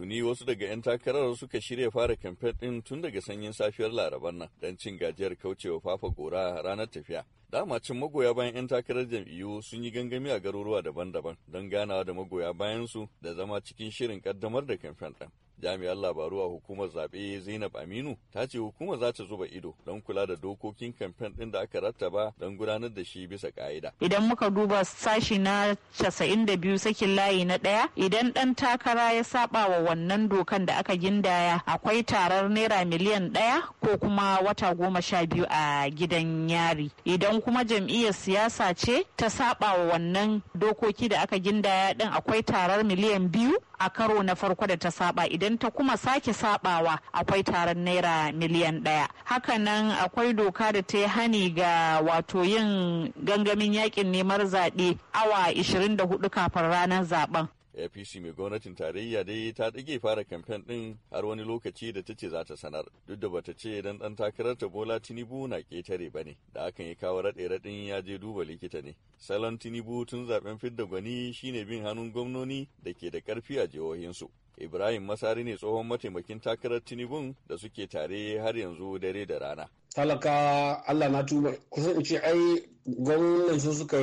Tuni wasu daga 'yan takarar suka shirya fara kamfen ɗin tun daga sanyin safiyar larabar nan don cin gajiyar kaucewa fafa gora ranar tafiya. Dama cin magoya bayan 'yan takarar jam'iyyu sun yi gangami a garuruwa daban-daban don ganawa da magoya bayansu da zama cikin shirin kaddamar da kamfen ɗin. jami'an labaru a hukumar zaɓe Zainab Aminu ta ce hukumar za ta zuba ido don kula da dokokin kamfen ɗin da aka rattaba don gudanar da shi bisa ka'ida. Idan muka duba sashi na casa'in da biyu sakin layi na ɗaya idan ɗan takara ya saba wa wannan dokan da aka gindaya akwai tarar naira miliyan ɗaya ko kuma wata goma sha biyu a gidan yari. Idan kuma jam'iyyar siyasa ce ta saba wa wannan dokoki da aka gindaya ɗin akwai tarar miliyan biyu a karo na farko da ta saba idan ta kuma sake sabawa akwai taron naira miliyan ɗaya hakanan akwai doka da ta yi hani ga wato yin gangamin yakin neman zaɓe awa 24 kafin ranar zaben apc mai gwamnatin tarayya dai ta ɗage fara kamfen ɗin har wani lokaci da ta ce za ta sanar duk da bata ce dan ɗan takarar ta bola tinibu na ƙetare ba ne da akan yi kawo raɗe raɗin ya je duba likita ne salon tinibu tun zaben fidda gwani shine bin hannun gwamnoni da ke da ƙarfi a jihohinsu Ibrahim Masari ne tsohon mataimakin takarar Tinubun da suke tare har yanzu dare da rana. Talaka Allah na tuba kusan in ce ai gwamnan su suka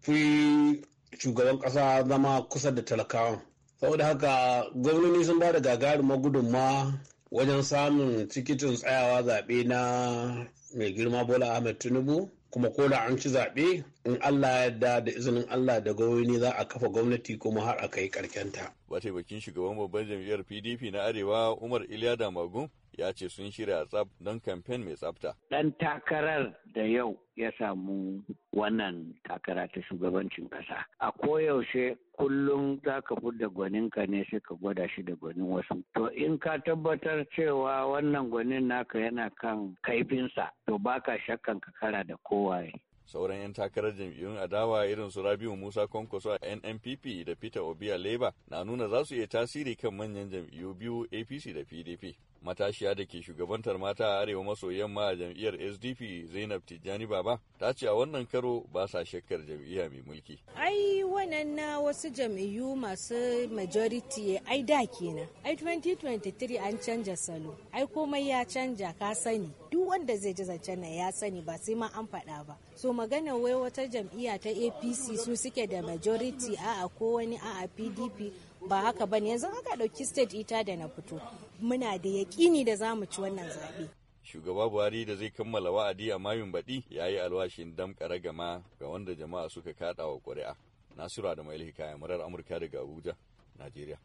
fi shugaban ƙasa zama kusa da talakawan saboda haka gwamnoni sun ba da gagarumar gudunma wajen samun tikitin tsayawa zaɓe na mai girma bola ahmed tinubu kuma ko da an ci zaɓe in Allah ya da da izinin Allah da gwamnati za a kafa gwamnati kuma har a kai karkenta. Mataimakin shugaban babban jam'iyyar PDP na Arewa Umar Iliya Damagun ya ce sun shirya tsab don kamfen mai tsafta. Ɗan takarar da yau ya samu wannan takara ta shugabancin ƙasa. A koyaushe kullum za ka da gwaninka ne sai ka gwada shi da gwanin wasu. To in ka tabbatar cewa wannan gwanin naka yana kan kaifinsa to baka shakkan ka kara da kowaye. sauran 'yan takarar jam'iyyun adawa irin su rabiu musa kwankwaso a nnpp da peter obi a labour na nuna za su iya tasiri kan manyan jam'iyyu biyu apc da pdp matashiya da ke shugabantar mata a arewa maso yamma a jam'iyyar sdp zainab tijjani baba ta ce a wannan karo ba sa shakkar jam'iyya mai mulki ai wannan na wasu jam'iyyu masu majority ai da kenan ai 2023 an canja salo ai komai ya canja ka sani duk wanda zai ji zancen nan ya sani ba sai ma an faɗa ba so magana wai wata jam'iyya ta apc su suke da majority a ko wani a'a pdp ba haka ba yanzu haka ɗauki state ita da na fito muna da yaƙini da za mu ci wannan zaɓe. shugaba buhari da zai kammala wa'adi a mayun baɗi ya yi alwashin damƙa ragama ga wanda jama'a suka kaɗa wa ƙuri'a Nasiru Adamu Ilhika, murar Amurka daga Abuja, Najeriya.